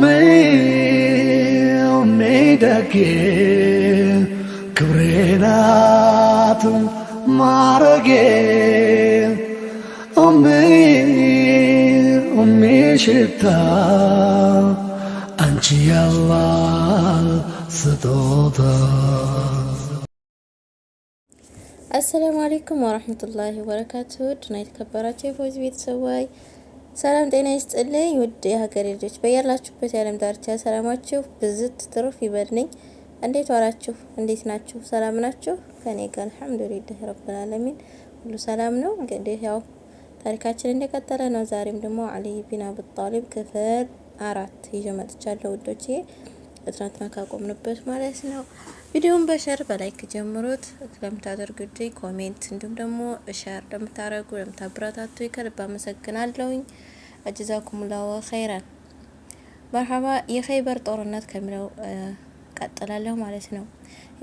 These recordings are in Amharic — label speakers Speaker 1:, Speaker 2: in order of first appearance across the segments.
Speaker 1: ሜሜደጌ ክብሬናት ማረጌ ሽታ አንቺ ያላል ስጦታ።
Speaker 2: አሰላሙ አሌይኩም ወረህመቱላሂ ወበረካቱ ድና የተከበራቸው ሰላም ጤና ይስጥልኝ ውድ የሀገሬ ልጆች በያላችሁበት የዓለም ዳርቻ ሰላማችሁ ብዝት ትሩፍ ይበድልኝ። እንዴት ዋላችሁ? እንዴት ናችሁ? ሰላም ናችሁ? ከኔ ጋር አልሐምዱሊላህ ረብል ዓለሚን ሁሉ ሰላም ነው። እንግዲህ ያው ታሪካችን እንደቀጠለ ነው። ዛሬም ደግሞ አሊ ቢን አቡ ጣሊብ ክፍል አራት ይዤ መጥቻለሁ ውዶቼ፣ ትናንትና ካቆምንበት ማለት ነው። ቪዲዮውን በሸር በላይክ ጀምሩት። ለምታደርጉት ኮሜንት፣ እንዲሁም ደግሞ ሸር ለምታረጉ ለምታበረታቱ ከልብ አመሰግናለሁኝ። አጅዛኩሙላሁ ኸይራን። መርሀባ የኸይበር ጦርነት ከሚለው ቀጥላለሁ ማለት ነው።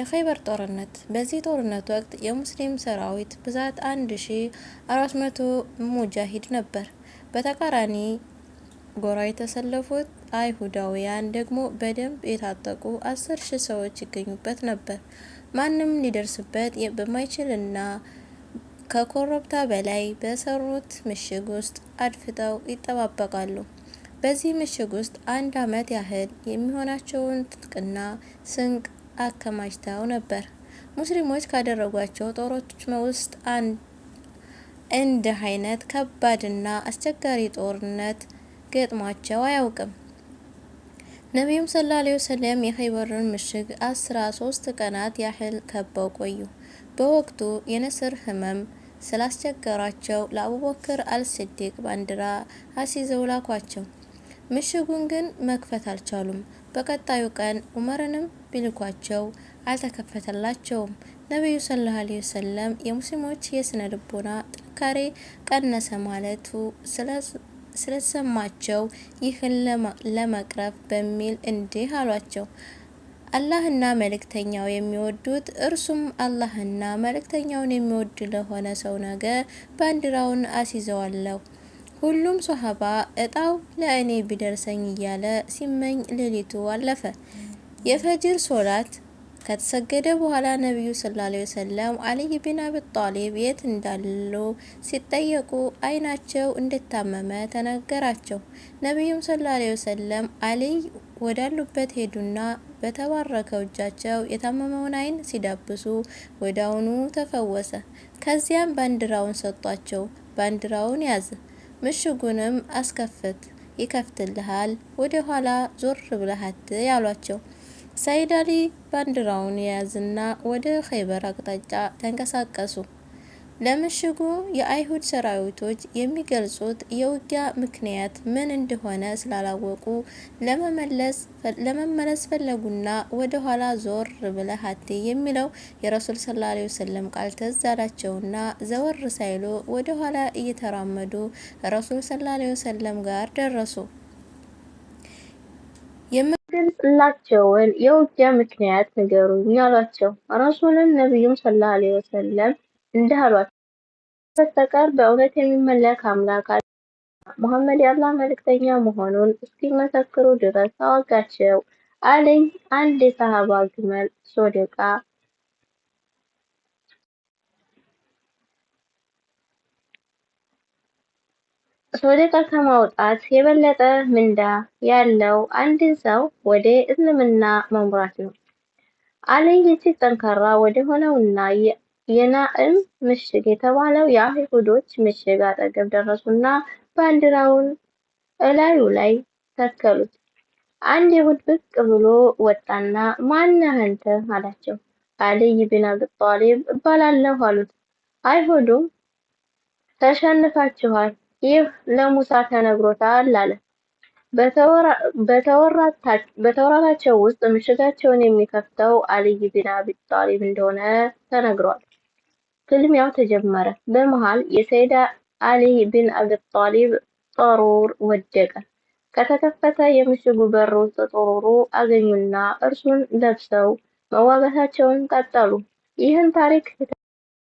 Speaker 2: የኸይበር ጦርነት በዚህ ጦርነት ወቅት የሙስሊም ሰራዊት ብዛት 1400 ሙጃሂድ ነበር። በተቃራኒ ጎራ የተሰለፉት አይሁዳውያን ደግሞ በደንብ የታጠቁ አስር ሺህ ሰዎች ይገኙበት ነበር። ማንም ሊደርስበት በማይችልና ከኮረብታ በላይ በሰሩት ምሽግ ውስጥ አድፍጠው ይጠባበቃሉ። በዚህ ምሽግ ውስጥ አንድ ዓመት ያህል የሚሆናቸውን ትጥቅና ስንቅ አከማችተው ነበር። ሙስሊሞች ካደረጓቸው ጦሮች ውስጥ እንዲህ አይነት ከባድና አስቸጋሪ ጦርነት ገጥሟቸው አያውቅም። ነቢዩም ሰለላሁ ዐለይሂ ወሰለም የኸይበርን ምሽግ አስራ ሶስት ቀናት ያህል ከበው ቆዩ። በወቅቱ የነስር ህመም ስላስቸገራቸው ለአቡበክር አልስዲቅ ባንዲራ አስይዘው ላኳቸው። ምሽጉን ግን መክፈት አልቻሉም። በቀጣዩ ቀን ዑመርንም ቢልኳቸው አልተከፈተላቸውም። ነቢዩ ሰለላሁ ዐለይሂ ወሰለም የሙስሊሞች የስነ ልቦና ጥንካሬ ቀነሰ ማለቱ ስለሰማቸው ይህን ለመቅረፍ በሚል እንዲህ አሏቸው። አላህና መልእክተኛው የሚወዱት እርሱም አላህና መልእክተኛውን የሚወድ ለሆነ ሰው ነገ ባንዲራውን አስይዘዋለሁ። ሁሉም ሶሀባ እጣው ለእኔ ቢደርሰኝ እያለ ሲመኝ ሌሊቱ አለፈ። የፈጅር ሶላት ከተሰገደ በኋላ ነቢዩ ሰለላሁ ዐለይሂ ወሰለም አልይ ቢን አቢ ጣሊብ የት እንዳሉ ሲጠየቁ አይናቸው እንደታመመ ተነገራቸው። ነቢዩም ሰለላሁ ዐለይሂ ወሰለም አልይ ወዳሉበት ሄዱና በተባረከው እጃቸው የታመመውን አይን ሲዳብሱ ወዳውኑ ተፈወሰ። ከዚያም ባንዲራውን ሰጧቸው። ባንዲራውን ያዝ፣ ምሽጉንም አስከፍት፣ ይከፍትልሃል፣ ወደ ኋላ ዞር ብለሃት ያሏቸው። ሰይድ አሊ ባንዲራውን የያዝና ወደ ኸይበር አቅጣጫ ተንቀሳቀሱ። ለምሽጉ የአይሁድ ሰራዊቶች የሚገልጹት የውጊያ ምክንያት ምን እንደሆነ ስላላወቁ ለመመለስ ፈለጉና ወደ ኋላ ዞር ብለ ሀቴ የሚለው የረሱል ሰለላሁ ዐለይሂ ወሰለም ቃል ትዝ አላቸውና ዘወር ሳይሉ ወደ ኋላ እየተራመዱ ረሱል ሰለላሁ ዐለይሂ ወሰለም ጋር ደረሱ። ግልጽላቸውን የውጊያ ምክንያት ንገሩኝ አሏቸው። ረሱልን ነቢዩም ሰለላሁ ዐለይሂ ወሰለም እንዲህ አሏቸው፣ በስተቀር በእውነት የሚመለክ አምላክ አለ። ሙሐመድ የአላህ መልእክተኛ መሆኑን እስኪመሰክሩ ድረስ አዋጋቸው አለኝ። አንድ የሰሃባ ግመል ሶደቃ ወደ ጦር ከማውጣት የበለጠ ምንዳ ያለው አንድን ሰው ወደ እስልምና መምራት ነው። አሊ እጅግ ጠንካራ ወደ ሆነውና የናእም ምሽግ የተባለው የአይሁዶች ምሽግ አጠገብ ደረሱና ባንዲራውን እላዩ ላይ ተከሉት። አንድ ይሁድ ብቅ ብሎ ወጣና ማነህ አንተ አላቸው። አልይ ቢን አቢ ጣሊብ እባላለሁ አሉት። አይሁዱም ተሸንፋችኋል ይህ ለሙሳ ተነግሮታል አለ። በተወራታቸው ውስጥ ምሽጋቸውን የሚከፍተው አልይ ቢን አቢ ጣሊብ እንደሆነ ተነግሯል። ፍልሚያው ተጀመረ። በመሃል የሰይድ አልይ ቢን አቢ ጣሊብ ጦሩር ወደቀ። ከተከፈተ የምሽጉ በር ውስጥ ጦሩሩ አገኙና እርሱን ለብሰው መዋጋታቸውን ቀጠሉ። ይህን ታሪክ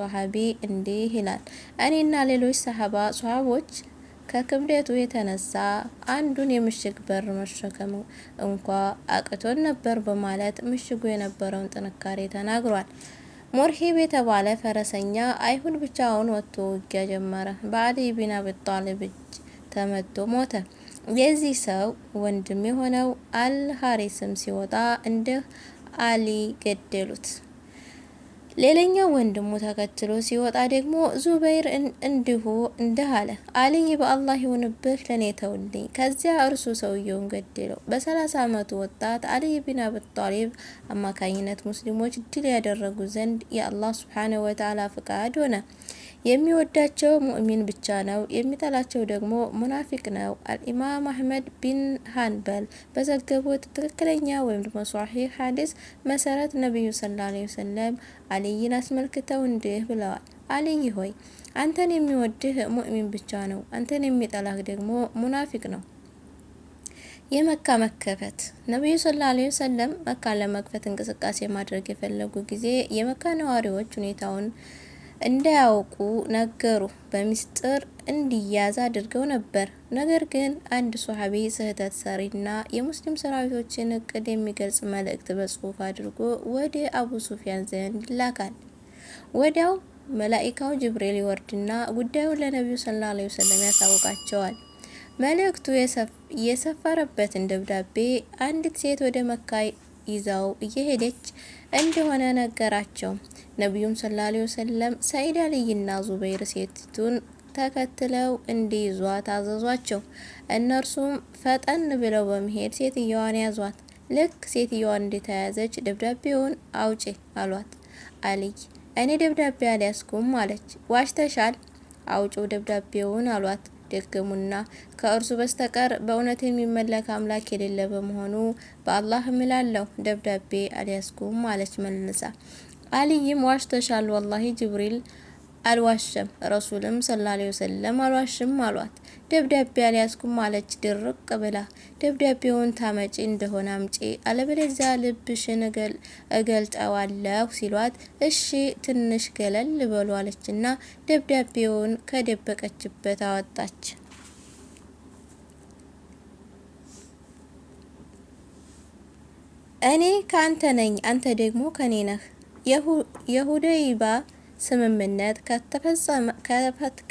Speaker 2: ሶሐቢ እንዲህ ይላል፣ እኔና ሌሎች ሰሃባ ሶሃቦች ከክብደቱ የተነሳ አንዱን የምሽግ በር መሸከም እንኳ አቅቶን ነበር በማለት ምሽጉ የነበረውን ጥንካሬ ተናግሯል። ሞርሂብ የተባለ ፈረሰኛ አይሁድ ብቻውን ወጥቶ ውጊያ ጀመረ። በአሊ ቢን አቢ ጣሊብ እጅ ተመቶ ሞተ። የዚህ ሰው ወንድም የሆነው አልሃሪስም ሲወጣ እንደ አሊ ገደሉት። ሌላኛው ወንድሙ ተከትሎ ሲወጣ ደግሞ ዙበይር እንዲሁ እንዲህ አለ፣ አልይ በአላህ ይሁንብህ ለኔ ተውልኝ። ከዚያ እርሱ ሰውየውን ገደለው። በሰላሳ ዓመቱ ወጣት አልይ ቢን አብጣሊብ አማካኝነት ሙስሊሞች ድል ያደረጉ ዘንድ የአላህ ሱብሓነሁ ወተዓላ ፍቃድ ሆነ። የሚወዳቸው ሙእሚን ብቻ ነው፣ የሚጠላቸው ደግሞ ሙናፊቅ ነው። አልኢማም አህመድ ቢን ሀንበል በዘገቡት ትክክለኛ ወይም ደግሞ ሷሂህ ሀዲስ መሰረት ነቢዩ ሰለላሁ ዐለይሂ ወሰለም አልይን አስመልክተው እንዲህ ብለዋል። አልይ ሆይ አንተን የሚወድህ ሙእሚን ብቻ ነው። አንተን የሚጠላህ ደግሞ ሙናፊቅ ነው። የመካ መከፈት ነቢዩ ሰለላሁ ዐለይሂ ወሰለም መካ ለመክፈት እንቅስቃሴ ማድረግ የፈለጉ ጊዜ የመካ ነዋሪዎች ሁኔታውን እንዳያውቁ ነገሩ በሚስጥር እንዲያዝ አድርገው ነበር። ነገር ግን አንድ ሶሐቢ ስህተት ሰሪና የሙስሊም ሰራዊቶችን እቅድ የሚገልጽ መልእክት በጽሁፍ አድርጎ ወደ አቡ ሱፊያን ዘንድ ይላካል። ወዲያው መላኢካው ጅብሪል ይወርድና ጉዳዩን ለነቢዩ ሰለላሁ ዐለይሂ ወሰለም ያሳውቃቸዋል። መልእክቱ የሰፈረበትን ደብዳቤ አንዲት ሴት ወደ መካ ይዛው እየሄደች እንደሆነ ነገራቸው። ነቢዩም ሰለላሁ ዐለይሂ ወሰለም ሰይድ አልይና ዙበይር ሴቲቱን ተከትለው እንዲይዟት አዘዟቸው። እነርሱም ፈጠን ብለው በመሄድ ሴትየዋን ያዟት። ልክ ሴትየዋን እንደተያዘች ደብዳቤውን አውጪ አሏት። አልይ እኔ ደብዳቤ አልያዝኩም አለች። ዋሽተሻል፣ አውጪው ደብዳቤውን አሏት። ደገሙና ከእርሱ በስተቀር በእውነት የሚመለክ አምላክ የሌለ በመሆኑ በአላህ እምላለሁ ደብዳቤ አልያዝኩም አለች መልሳ አልይም ዋሽተሻል፣ ወላሂ ጅብሪል አልዋሸም፣ ረሱልም ሰለላሁ ዐለይሂ ወሰለም አልዋሽም አሏት። ደብዳቤ አልያዝኩም አለች ድርቅ ብላ። ደብዳቤውን ታመጪ እንደሆነ አምጪ፣ አለበለዚያ ልብሽን እገልጠዋለሁ ሲሏት፣ እሺ ትንሽ ገለል በሉ አለችና ደብዳቤውን ከደበቀችበት አወጣች። እኔ ከአንተ ነኝ፣ አንተ ደግሞ ከኔ ነህ የሁደይባ ስምምነት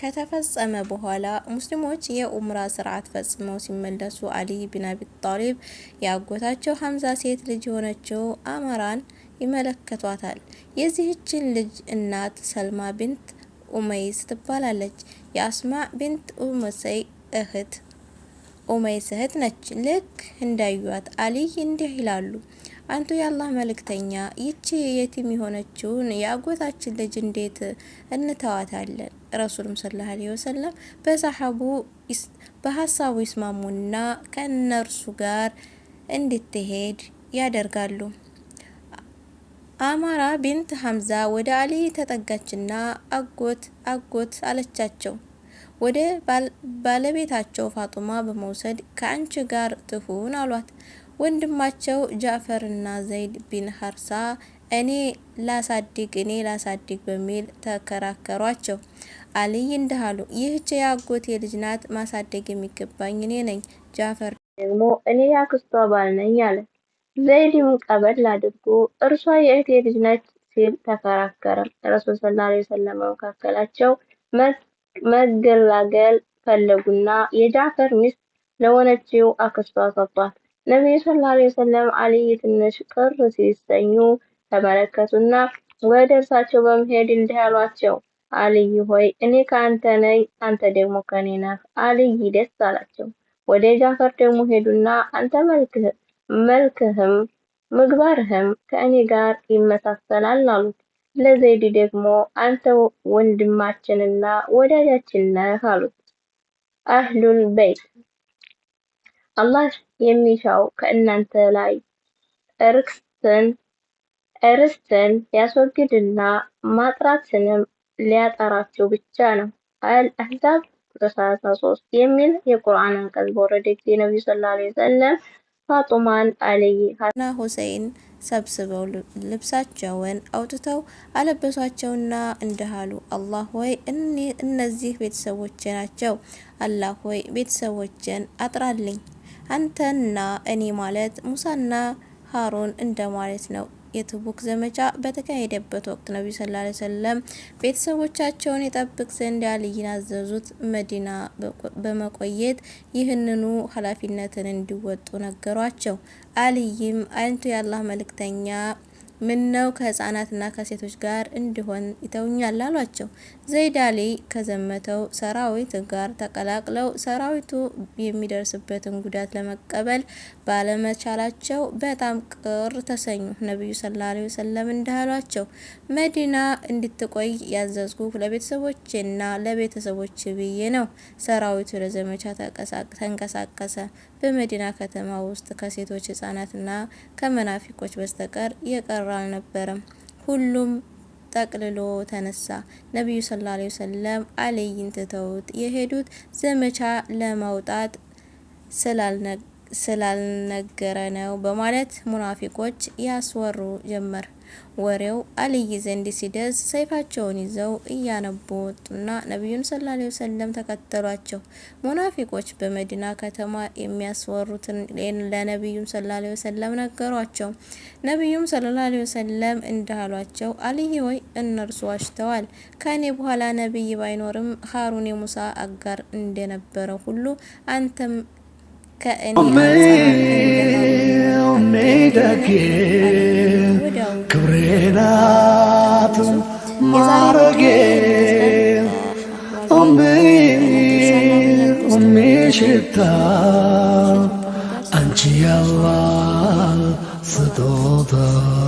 Speaker 2: ከተፈጸመ በኋላ ሙስሊሞች የኡምራ ስርዓት ፈጽመው ሲመለሱ አሊ ቢን አቢ ጣሊብ የአጎታቸው ሀምዛ ሴት ልጅ የሆነችው አማራን ይመለከቷታል። የዚህችን ልጅ እናት ሰልማ ቢንት ኡመይስ ትባላለች። የአስማ ቢንት ኡመሰይ እህት ኡመይስ እህት ነች። ልክ እንዳዩት አሊይ እንዲህ ይላሉ አንቱ የአላህ መልእክተኛ፣ ይቺ የቲም የሆነችውን የአጎታችን ልጅ እንዴት እንተዋታለን? ረሱልም ሰለላሁ ዐለይሂ ወሰለም በሰሐቡ በሀሳቡ ይስማሙና ከነርሱ ጋር እንድትሄድ ያደርጋሉ። አማራ ቢንት ሐምዛ ወደ አሊ ተጠጋችና አጎት አጎት አለቻቸው። ወደ ባለቤታቸው ፋጡማ በመውሰድ ከአንቺ ጋር ትሁን አሏት። ወንድማቸው ጃፈርና ዘይድ ቢን ሀርሳ እኔ ላሳድግ እኔ ላሳድግ በሚል ተከራከሯቸው። አልይ እንዲህ አሉ፣ ይህች የአጎቴ ልጅ ናት፣ ማሳደግ የሚገባኝ እኔ ነኝ። ጃፈር ደግሞ እኔ ያክስቷ ባል ነኝ አለ። ዘይድም ቀበል አድርጎ እርሷ የእህቴ ልጅ ናት ሲል ተከራከረ። ረሱል ሰለላሁ ዐለይሂ ወሰለም መካከላቸው መገላገል ፈለጉና የጃፈር ሚስት ለሆነችው አክስቷ ሰጥቷት ነቢዩ ሰለላሁ ዐለይሂ ወሰለም አልይ ትንሽ ቅር ሲሰኙ ተመለከቱና ወደ እርሳቸው በመሄድ እንዲህ አሏቸው፣ አልይ ሆይ እኔ ከአንተ ነኝ፣ አንተ ደግሞ ከእኔ ነህ። አልይ ደስ አላቸው። ወደ ጃፈር ደግሞ ሄዱና አንተ መልክህም ምግባርህም ከእኔ ጋር ይመሳሰላል አሉት። ለዘይድ ደግሞ አንተ ወንድማችንና ወዳጃችን ነህ አሉት። አህሉል በይት አላህ የሚሻው ከእናንተ ላይ ርክስትን እርስትን ሊያስወግድና ማጥራትንም ሊያጠራችሁ ብቻ ነው። አልአህዛብ ቁጥር 33 የሚል የቁርአን አንቀጽ በወረደ ጊዜ ነቢዩ ሰለላሁ ዐለይሂ ወሰለም ፋጡማን፣ አሊና ሁሴይን ሰብስበው ልብሳቸውን አውጥተው አለበሷቸውና እንደሃሉ አላህ ሆይ እነዚህ ቤተሰቦቼ ናቸው። አላህ ሆይ ቤተሰቦቼን አጥራልኝ። አንተና እኔ ማለት ሙሳና ሀሮን እንደማለት ነው። የትቡክ ዘመቻ በተካሄደበት ወቅት ነቢዩ ሰለላሁ ዐለይሂ ወሰለም ቤተሰቦቻቸውን የጠብቅ ዘንድ አልይን አዘዙት። መዲና በመቆየት ይህንኑ ኃላፊነትን እንዲወጡ ነገሯቸው። አልይም አንቱ የአላህ መልእክተኛ ምን ነው ከህፃናትና ከሴቶች ጋር እንዲሆን ይተውኛል አሏቸው። ዘይድ ከዘመተው ሰራዊት ጋር ተቀላቅለው ሰራዊቱ የሚደርስበትን ጉዳት ለመቀበል ባለመቻላቸው በጣም ቅር ተሰኙ። ነቢዩ ሰለላሁ ላ ወሰለም እንዳሏቸው መዲና እንድትቆይ ያዘዝኩ ለቤተሰቦቼና ለቤተሰቦች ብዬ ነው። ሰራዊቱ ለዘመቻ ተንቀሳቀሰ። በመዲና ከተማ ውስጥ ከሴቶች ህጻናትና ከመናፊቆች በስተቀር የቀረ አልነበረም። ሁሉም ጠቅልሎ ተነሳ። ነቢዩ ሰለላሁ ዐለይሂ ወሰለም አለይን ትተውት የሄዱት ዘመቻ ለማውጣት ስላልነገረ ነው በማለት ሙናፊቆች ያስወሩ ጀመር። ወሬው አልይ ዘንድ ሲደርስ ሰይፋቸውን ይዘው እያነቡ ወጡና ነቢዩን ሰለላሁ ዐለይሂ ወሰለም ተከተሏቸው። ሙናፊቆች በመዲና ከተማ የሚያስወሩትን ለነቢዩም ሰለላሁ ዐለይሂ ወሰለም ነገሯቸው። ነቢዩም ሰለላሁ ዐለይሂ ወሰለም እንዳሏቸው አልይ ሆይ እነርሱ ዋሽተዋል። ከእኔ በኋላ ነቢይ ባይኖርም ሃሩን የሙሳ አጋር እንደነበረ ሁሉ አንተም ከእኔ
Speaker 1: ናት ማረጌ ኦሜ ኦሜ ሽታ አንቺ ያላ ስጦታ